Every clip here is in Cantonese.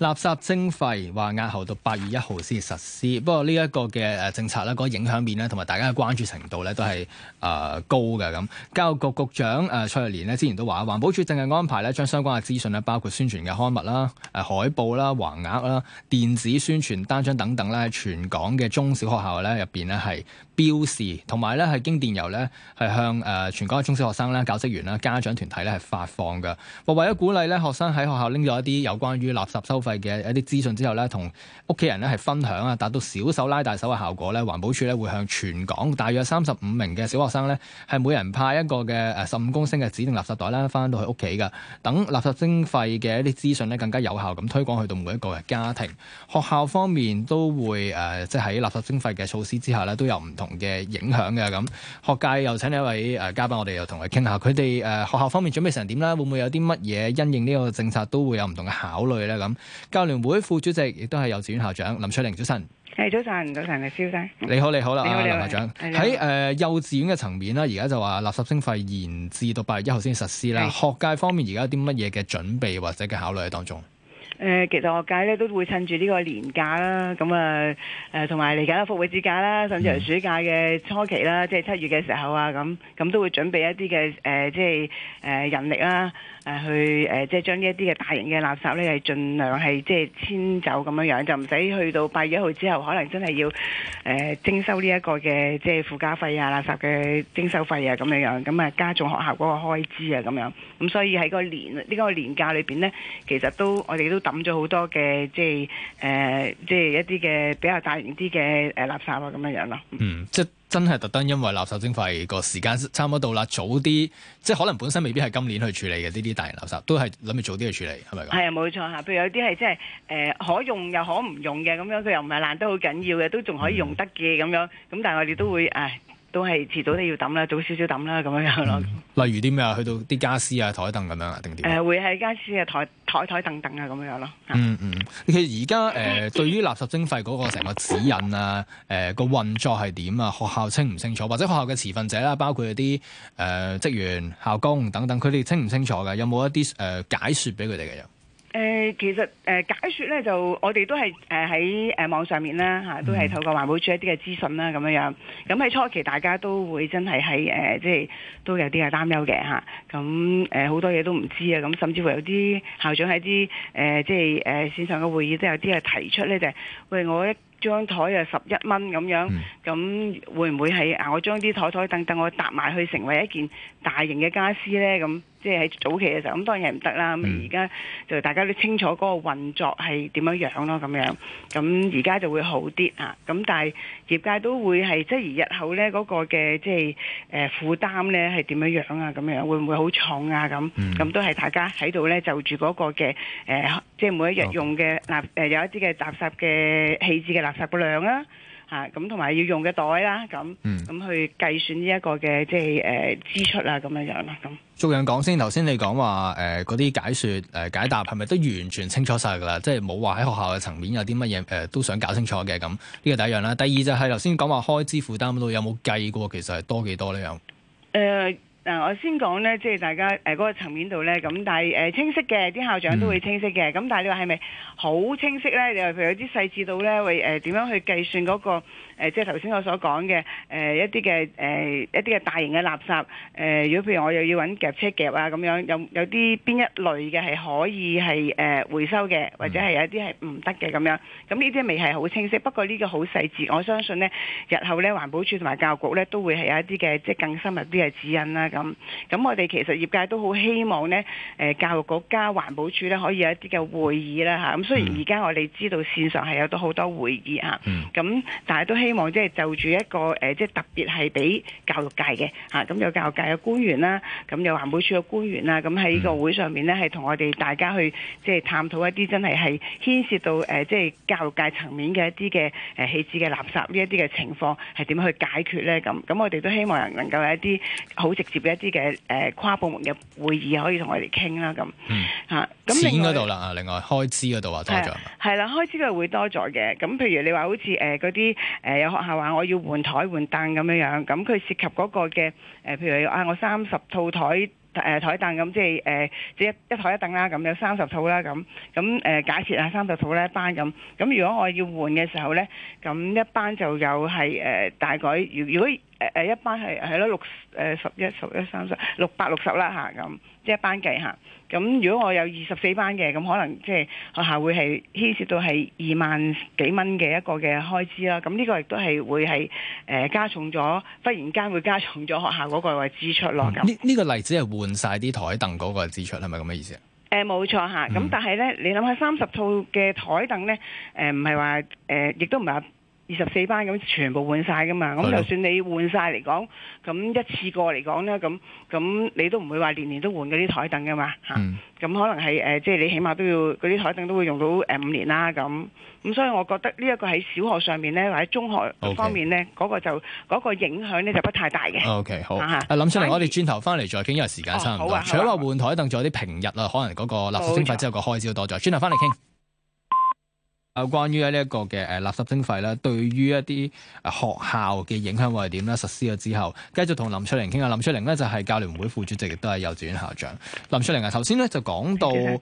垃圾徵費話押後到八月一號先實施，不過呢一個嘅誒政策咧，嗰個影響面咧，同埋大家嘅關注程度咧，都係誒高嘅咁。教育局局長誒、呃、蔡若蓮呢，之前都話，環保署正係安排咧，將相關嘅資訊咧，包括宣傳嘅刊物啦、誒、啊、海報啦、橫額啦、電子宣傳單張等等咧，喺全港嘅中小學校咧入邊咧係。標示同埋咧係經電郵咧係向誒全港嘅中小學生啦、教職員啦、家長團體咧係發放嘅，或為咗鼓勵咧學生喺學校拎咗一啲有關於垃圾收費嘅一啲資訊之後咧，同屋企人咧係分享啊，達到小手拉大手嘅效果咧，環保署咧會向全港大約三十五名嘅小學生咧，係每人派一個嘅誒十五公升嘅指定垃圾袋啦，翻到去屋企嘅，等垃圾徵費嘅一啲資訊咧更加有效咁推廣去到每一個嘅家庭。學校方面都會誒、呃、即係喺垃圾徵費嘅措施之下咧，都有唔同嘅影響嘅咁，學界又請另一位誒、呃、嘉賓，我哋又同佢傾下佢哋誒學校方面準備成點啦？會唔會有啲乜嘢因應呢個政策都會有唔同嘅考慮咧？咁教聯會副主席亦都係幼稚園校長林翠玲，早晨。誒，早晨，早晨，黎小姐，你好，你好啦，林校長喺誒、呃、幼稚園嘅層面啦，而家就話垃圾徵費延至到八月一號先實施啦。學界方面而家有啲乜嘢嘅準備或者嘅考慮喺當中？誒、呃，其實學界咧都會趁住呢個年假啦，咁啊誒，同埋嚟緊嘅復活節假啦，甚至係暑假嘅初期啦，即係七月嘅時候啊，咁、啊、咁都會準備一啲嘅誒，即係誒人力啦，誒、啊、去誒即係將呢一啲嘅大型嘅垃圾咧係儘量係即係遷走咁樣樣，就唔使去到八月一號之後，可能真係要誒、呃、徵收呢一個嘅即係附加費啊、垃圾嘅徵收費啊咁樣，咁啊加重學校嗰個開支啊咁樣。咁、啊、所以喺個年呢、呢個年假裏邊呢，其實都我哋都揾咗好多嘅，即係誒，即係一啲嘅比較大型啲嘅誒，垃圾啊，咁樣樣咯。嗯，即係真係特登，因為垃圾徵費個時間差唔多到啦，早啲，即係可能本身未必係今年去處理嘅呢啲大型垃圾，都係諗住早啲去處理，係咪咁？係啊，冇錯吓，譬如有啲係即係誒，可用又可唔用嘅，咁樣佢又唔係爛得好緊要嘅，都仲可以用得嘅咁樣，咁但係我哋都會誒。都係遲早都要抌啦，早少少抌啦咁樣樣咯、嗯。例如啲咩啊，去到啲家私啊、台凳咁樣啊，定點？誒、呃，會係家私啊、台台台凳凳啊咁樣樣咯。嗯嗯，其實而家誒對於垃圾徵費嗰個成個指引啊，誒、呃、個運作係點啊？學校清唔清楚？或者學校嘅持份者啦，包括一啲誒、呃、職員、校工等等，佢哋清唔清楚㗎？有冇一啲誒、呃、解説俾佢哋嘅？呃、其實、呃、解説咧就我哋都係喺、呃呃、網上面啦都係透過環保署一啲嘅資訊啦咁樣樣。咁喺初期大家都會真係喺、呃、即係都有啲嘅擔憂嘅嚇。咁好、呃、多嘢都唔知啊。咁甚至乎有啲校長喺啲、呃、即係誒、呃、線上嘅會議都有啲係提出咧就係，喂，我一張台啊十一蚊咁樣，咁、嗯、會唔會係啊我將啲台台凳凳我搭埋去成為一件大型嘅家私咧咁？即係喺早期嘅時候，咁當然係唔得啦。咁而家就大家都清楚嗰個運作係點樣樣咯，咁樣咁而家就會好啲啊。咁但係業界都會係質疑日後咧嗰、那個嘅即係誒負擔咧係點樣樣啊？咁樣會唔會好重啊？咁咁、嗯、都係大家喺度咧就住嗰個嘅誒、呃，即係每一日用嘅垃誒有一啲嘅垃圾嘅棄置嘅垃圾嘅量啦。嚇，咁同埋要用嘅袋啦，咁咁去計算呢一個嘅即係誒支出啦，咁樣樣啦，咁、嗯。逐樣講先，頭先你講話誒嗰啲解説誒、呃、解答係咪都完全清楚晒㗎啦？即係冇話喺學校嘅層面有啲乜嘢誒都想搞清楚嘅咁。呢個第一樣啦。第二就係頭先講話開支負擔度，有冇計過，其實係多幾多少呢？又、呃、誒。嗱，我先講咧，即係大家誒嗰個層面度咧咁，但係誒清晰嘅啲校長都會清晰嘅，咁但係你話係咪好清晰咧？又譬如有啲細緻到咧，會誒點樣去計算嗰、嗰個誒，即係頭先我所講嘅誒一啲嘅誒一啲嘅大型嘅垃圾誒，如、呃、果譬如我又要揾夾車夾啊咁樣，有有啲邊一類嘅係可以係誒回收嘅，或者係有啲係唔得嘅咁樣，咁呢啲未係好清晰，不過呢個好細緻，我相信咧日後咧環保署同埋教育局咧都會係有一啲嘅即係更深入啲嘅指引啦。咁咁，我哋其實業界都好希望呢，誒教育局加環保署呢可以有一啲嘅會議啦嚇。咁雖然而家我哋知道線上係有多好多會議嚇，咁但係都希望即係就住一個誒，即係特別係俾教育界嘅嚇，咁有教育界嘅官員啦，咁有環保署嘅官員啦，咁喺呢個會上面呢，係同我哋大家去即係探討一啲真係係牽涉到誒，即係教育界層面嘅一啲嘅誒棄置嘅垃圾呢一啲嘅情況係點去解決呢？咁咁我哋都希望能夠有一啲好直接，一啲嘅誒跨部門嘅會議可以同我哋傾啦咁，嚇咁錢嗰度啦啊，另外開支嗰度啊多咗，係啦開支度會多咗嘅。咁譬如你話好似誒嗰啲誒有學校話我要換台換凳咁樣樣，咁佢涉及嗰個嘅誒、呃，譬如啊我三十套、呃、台誒台凳咁，即係誒即係一台一凳啦咁，有三十套啦咁，咁誒、呃、解設啊三十套呢一班咁，咁如果我要換嘅時候咧，咁一班就有係誒、呃、大概。如如果誒、呃、誒一班係係咯六誒、呃、十一十一,十一三十六百六十啦嚇，咁即係一班計下。咁如果我有二十四班嘅，咁可能即係學校會係牽涉到係二萬幾蚊嘅一個嘅開支啦，咁呢個亦都係會係誒、呃、加重咗忽然間會加重咗學校嗰個嘅支出咯。呢、嗯、呢、這個例子係換晒啲台凳嗰個支出係咪咁嘅意思、呃、啊？誒冇錯嚇，咁但係咧你諗下三十套嘅台凳咧誒唔係話誒亦都唔係。二十四班咁全部換曬噶嘛？咁就算你換曬嚟講，咁一次過嚟講咧，咁咁你都唔會話年年都換嗰啲台凳噶嘛？嚇，咁可能係誒，即係你起碼都要嗰啲台凳都會用到誒五年啦。咁咁所以，我覺得呢一個喺小學上面咧，或者中學方面咧，嗰個就嗰個影響咧就不太大嘅。O K，好，阿林翠玲，我哋轉頭翻嚟再傾，因為時間差唔多。除咗話換台凳，仲有啲平日啊，可能嗰個垃圾徵費之後個開銷都多咗。轉頭翻嚟傾。啊，關於呢一個嘅誒垃圾徵費咧，對於一啲學校嘅影響係點咧？實施咗之後，繼續同林翠玲傾下。林翠玲呢就係教聯會副主席，亦都係幼稚園校長。林翠玲啊，頭先咧就講到誒，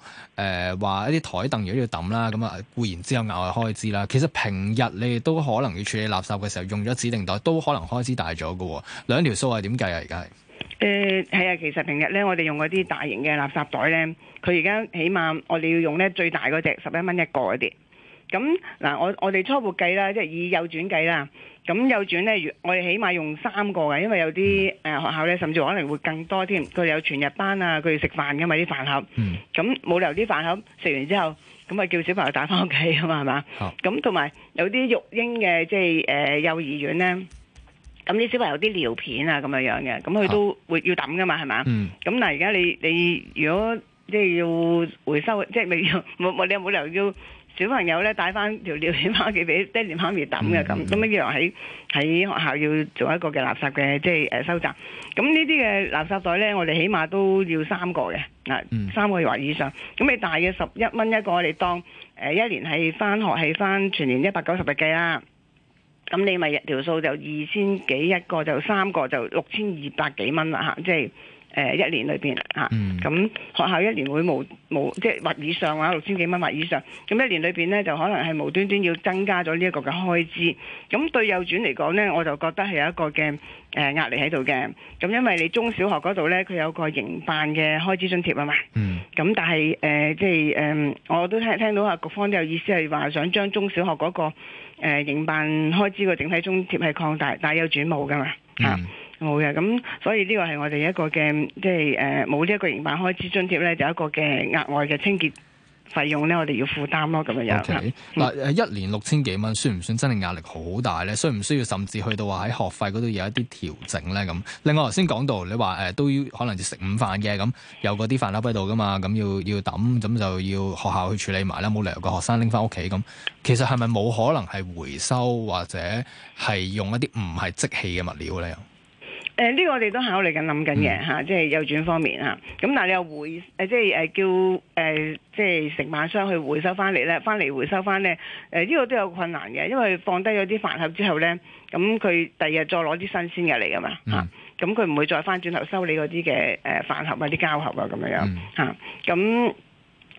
話、呃、一啲台凳要要抌啦，咁啊固然之後額外開支啦。其實平日你哋都可能要處理垃圾嘅時候，用咗指定袋都可能開支大咗㗎。兩條數係點計啊？而家係誒係啊，其實平日咧我哋用嗰啲大型嘅垃圾袋咧，佢而家起碼我哋要用咧最大嗰隻十一蚊一個嗰啲。咁嗱，我我哋初步計啦，即係以右轉計啦。咁右轉咧，我哋起碼用三個嘅，因為有啲誒、呃、學校咧，甚至可能會更多添。佢有全日班啊，佢食飯嘅嘛，啲飯盒。咁冇理由啲飯盒食完之後，咁啊叫小朋友帶翻屋企啊嘛，係嘛？咁同埋有啲育嬰嘅即係誒、呃、幼兒園咧，咁啲小朋友啲尿片啊咁樣樣嘅，咁佢都會要抌嘅嘛，係、啊、嘛？嗯。咁嗱，而家你你如果即係要回收，即係 你冇冇你有冇理由要？小朋友咧帶翻條尿片翻嚟俾爹哋媽咪抌嘅咁，咁一樣喺喺學校要做一個嘅垃圾嘅即係誒、呃、收集。咁呢啲嘅垃圾袋咧，我哋起碼都要三個嘅嗱，三個月或以上。咁你大約十一蚊一個，你當誒、呃、一年係翻學係翻全年一百九十日計啦。咁你咪條數就二千幾一個，就三個就六千二百幾蚊啦吓，即係。誒、呃、一年裏邊嚇，咁、啊嗯、學校一年會冇，無即係或以上啊，六千幾蚊或以上，咁一年裏邊咧就可能係無端端要增加咗呢一個嘅開支，咁對幼轉嚟講咧，我就覺得係有一個嘅誒、呃、壓力喺度嘅，咁因為你中小學嗰度咧，佢有個營辦嘅開支津貼啊嘛，咁、嗯、但係誒、呃、即係誒、呃、我都聽聽到啊，局方都有意思係話、就是、想將中小學嗰、那個誒營、呃、辦開支個整體津貼係擴大，但係幼轉冇噶嘛嚇。啊嗯冇嘅，咁所以呢個係我哋一個嘅，即係誒冇呢一個營辦開支津貼咧，就一個嘅額外嘅清潔費用咧，我哋要負擔咯。咁樣樣嗱，一年六千幾蚊，算唔算真係壓力好大咧？需唔需要甚至去到話喺學費嗰度有一啲調整咧？咁另外頭先講到你話誒、呃，都要可能就食午飯嘅咁，咁有嗰啲飯粒喺度㗎嘛，咁要要抌，咁就要學校去處理埋啦，冇理由個學生拎翻屋企咁。其實係咪冇可能係回收或者係用一啲唔係即棄嘅物料咧？誒、這、呢個我哋都考慮緊諗緊嘅嚇，即係右轉方面嚇。咁、啊、但係你又回誒、啊，即係誒叫誒、呃，即係成買商去回收翻嚟咧，翻嚟回收翻咧誒，呢、啊這個都有困難嘅，因為放低咗啲飯盒之後咧，咁佢第二日再攞啲新鮮嘅嚟噶嘛嚇，咁佢唔會再翻轉頭收你嗰啲嘅誒飯盒啊、盒、嗯、啊、啲膠盒啊咁樣樣嚇。咁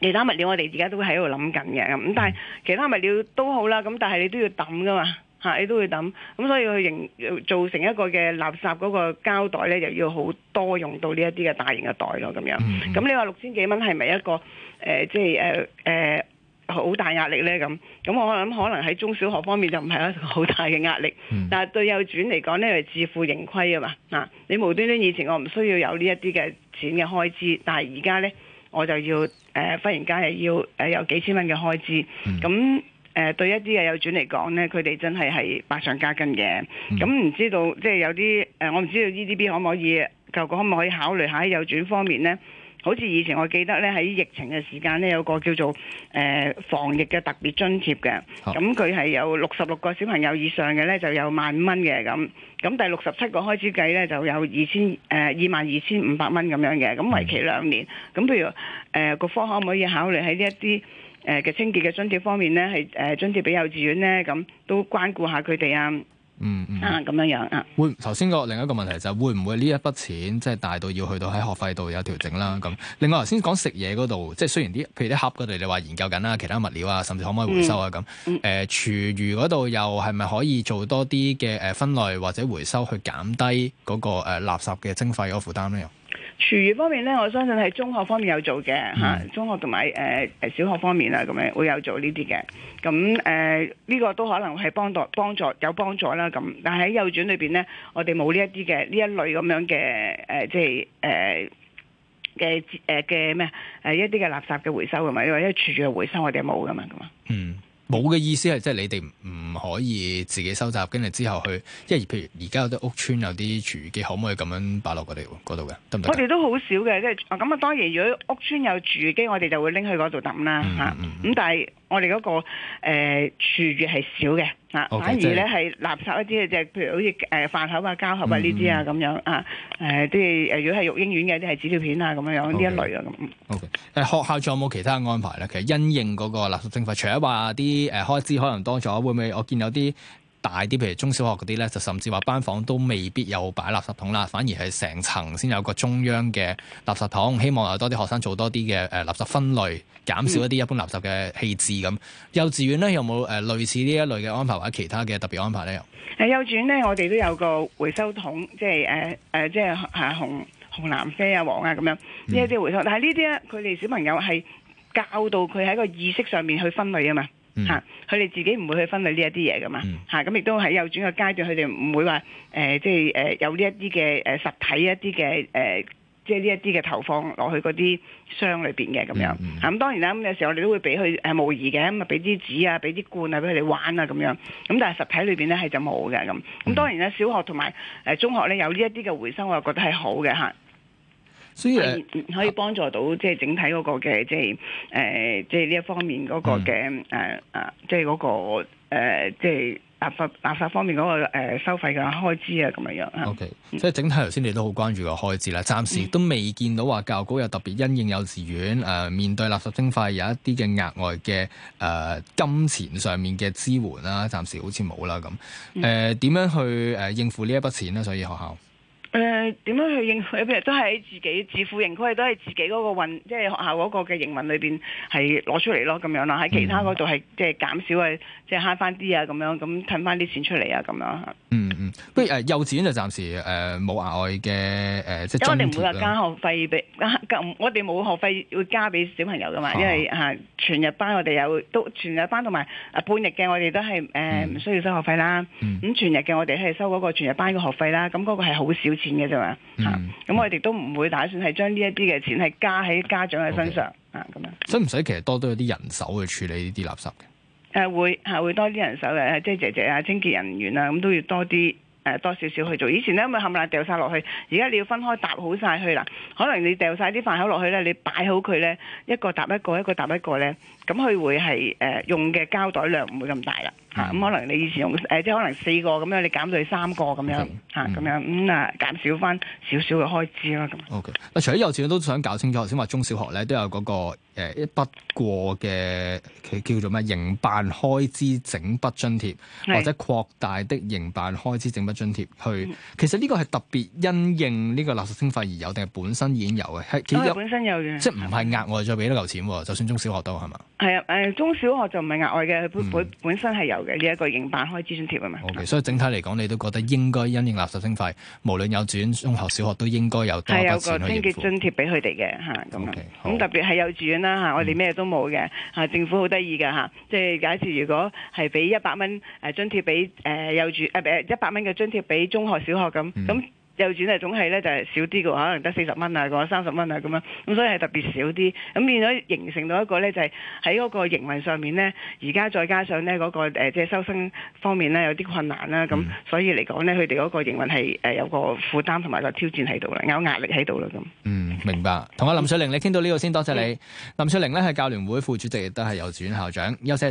其他物料我哋而家都喺度諗緊嘅咁，但係其他物料都好啦，咁但係你都要抌噶嘛。嚇、啊，你都會抌，咁所以佢營造成一個嘅垃圾嗰個膠袋咧，又要好多用到呢一啲嘅大型嘅袋咯，咁樣。咁、mm -hmm. 你話六千幾蚊係咪一個誒、呃，即係誒誒好大壓力咧？咁，咁我諗可能喺中小學方面就唔係一個好大嘅壓力，mm -hmm. 但係對幼兒園嚟講咧係自負盈虧啊嘛。嗱、啊，你無端端以前我唔需要有呢一啲嘅錢嘅開支，但係而家咧我就要誒、呃、忽然間係要誒有幾千蚊嘅開支，咁、mm -hmm. 嗯。誒、呃、對一啲嘅有轉嚟講咧，佢哋真係係百上加斤嘅。咁、嗯、唔知道即係有啲誒、呃，我唔知道 E D B 可唔可以，究個可唔可以考慮下有轉方面咧？好似以前我記得咧，喺疫情嘅時間咧，有個叫做誒、呃、防疫嘅特別津貼嘅。咁佢係有六十六個小朋友以上嘅咧，就有萬五蚊嘅咁。咁第六十七個開始計咧，就有二千誒二萬二千五百蚊咁樣嘅。咁為期兩年。咁、嗯、譬如誒，個、呃、科可唔可以考慮喺呢一啲？誒嘅清潔嘅津貼方面咧，係誒津貼俾幼稚園咧，咁都關顧下佢哋啊。嗯啊，咁、嗯、樣樣啊。會頭先個另一個問題就係會唔會呢一筆錢即係大到要去到喺學費度有調整啦咁。嗯、另外頭先講食嘢嗰度，即係雖然啲譬如啲盒嗰度你話研究緊啦，其他物料啊，甚至可唔可以回收啊咁。誒、嗯、廚餘嗰度又係咪可以做多啲嘅誒分類或者回收去減低嗰個垃圾嘅徵費嘅負擔咧？廚餘方面咧，我相信喺中學方面有做嘅吓，mm. 中學同埋誒誒小學方面啊，咁樣會有做呢啲嘅。咁誒呢個都可能係幫助幫助有幫助啦。咁但係喺幼園裏邊咧，我哋冇呢一啲嘅呢一類咁樣嘅誒，即係誒嘅誒嘅咩誒一啲嘅垃圾嘅回收咁嘛，因為廚餘嘅回收我哋冇噶嘛，咁啊。Mm. 好嘅意思係，即係你哋唔可以自己收集，跟住之後去，因為譬如而家有啲屋邨，有啲廚餘機，可唔可以咁樣擺落我哋嗰度嘅？得唔得？我哋都好少嘅，即係咁啊。當然，如果屋邨有廚餘機，我哋就會拎去嗰度抌啦嚇。咁、嗯嗯嗯、但係。我哋嗰、那個誒廚餘係少嘅、okay，啊嗯，啊，反而咧係垃圾一啲嘅，即係譬如好似誒飯盒啊、膠盒啊呢啲啊咁樣啊，誒即係誒如果係育嬰院嘅即係紙尿片啊咁樣樣呢一類啊咁。OK，誒、okay。呃、學校仲有冇其他安排咧？其實因應嗰個垃圾徵費，除咗話啲誒開支可能多咗，會唔會我見有啲？大啲，譬如中小學嗰啲咧，就甚至話班房都未必有擺垃圾桶啦，反而係成層先有個中央嘅垃圾桶。希望有多啲學生做多啲嘅誒垃圾分類，減少一啲一般垃圾嘅棄置咁、嗯。幼稚園咧有冇誒類似呢一類嘅安排或者其他嘅特別嘅安排咧？誒幼稚園咧，我哋都有個回收桶，即係誒誒，即係紅紅藍啡啊黃啊咁樣呢一啲回收。但係呢啲咧，佢哋小朋友係教導佢喺個意識上面去分類啊嘛。吓，佢 哋自己唔會去分類呢一啲嘢噶嘛，吓咁亦都喺右轉嘅階段，佢哋唔會話誒，即係誒有呢一啲嘅誒實體一啲嘅誒，即係呢一啲嘅投放落去嗰啲箱裏邊嘅咁樣。咁 當然啦，咁有時候我哋都會俾佢誒模擬嘅，咁啊俾啲紙啊，俾啲罐啊俾佢哋玩啊咁樣。咁但係實體裏邊咧係就冇嘅咁。咁當然啦，小學同埋誒中學咧有呢一啲嘅回收，我又覺得係好嘅吓。所以可以，可以幫助到即係、就是、整體嗰個嘅即係誒即係呢一方面嗰個嘅誒誒即係嗰個即係、呃就是、垃圾垃圾方面嗰、那個、呃、收費嘅開支啊咁樣樣 O K，即係整體頭先你都好關注個開支啦，暫時都未見到話教育局有特別因應幼稚園誒、呃、面對垃圾徵費有一啲嘅額外嘅誒、呃、金錢上面嘅支援啦，暫時好似冇啦咁。誒點樣、呃、樣去誒應付呢一筆錢呢？所以學校。誒、呃，點樣去應？佢譬如都喺自己自負盈虧，都係自己嗰個運，即、就、係、是、學校嗰個嘅營運裏邊係攞出嚟咯，咁樣啦，喺其他嗰度係即係減少嘅。嗯即係慳翻啲啊，咁樣咁揼翻啲錢出嚟啊，咁樣吓。嗯嗯，不如誒、呃，幼稚園就暫時誒冇額外嘅誒即係。因為我哋唔會話加學費俾咁， 我哋冇學費會加俾小朋友噶嘛。因為吓、啊啊、全日班我哋有都全日班同埋啊半日嘅我哋都係誒唔需要收學費啦。咁、嗯、全日嘅我哋係收嗰個全日班嘅學費啦。咁嗰個係好少錢嘅啫嘛吓。咁、嗯啊、我哋都唔會打算係將呢一啲嘅錢係加喺家長嘅身上啊咁、okay, 樣。使唔使其實多都有啲人手去處理呢啲垃圾？誒、呃、會係會多啲人手嘅，即係姐姐啊、清潔人員啊，咁都要多啲誒、呃、多少少去做。以前咧咪冚唪唥掉晒落去，而家你要分開搭好晒去啦。可能你掉晒啲飯盒落去咧，你擺好佢咧，一個搭一個，一個搭一個咧，咁佢會係誒、呃、用嘅膠袋量唔會咁大啦嚇。咁、啊、可能你以前用誒、呃、即係可能四個咁樣，你減到去三個咁樣嚇咁樣，咁、okay. 嗯、啊減少翻少少嘅開支囉咁。O、okay. K，嗱，除咗幼稚園都想搞清楚，頭先話中小學咧都有嗰、那個。誒，一筆過嘅，佢叫做咩營辦開支整筆津貼，或者擴大的營辦開支整筆津貼去。其實呢個係特別因應呢個垃圾徵費而有，定係本身已經有嘅？係其實本身有嘅，即係唔係額外再俾多嚿錢，就算中小學都係嘛。是係啊，中小學就唔係額外嘅、嗯，本本本身係有嘅呢一個營辦開支津貼啊嘛。OK，所以整體嚟講，你都覺得應該因應垃圾徵費，無論幼稚園中學小學都應該有多筆錢去應付。係有個津貼津貼俾佢哋嘅，咁咁特別係幼稚園啦嚇，我哋咩都冇嘅嚇，政府好得意噶嚇，即係假設如果係俾一百蚊誒津貼俾誒幼稚誒一百蚊嘅津貼俾中學小學咁咁。嗯幼稚園咧，總係咧就係少啲嘅話，可能得四十蚊啊，或者三十蚊啊咁樣，咁所以係特別少啲，咁變咗形成到一個咧就係喺嗰個營運上面咧，而家再加上咧嗰個誒即係收生方面咧有啲困難啦，咁所以嚟講咧佢哋嗰個營運係誒有個負擔同埋個挑戰喺度啦，有壓力喺度啦咁。嗯，明白。同阿林翠玲你傾到呢度先，多謝你。林翠玲咧係教聯會副主席，亦都係幼稚園校長，休息。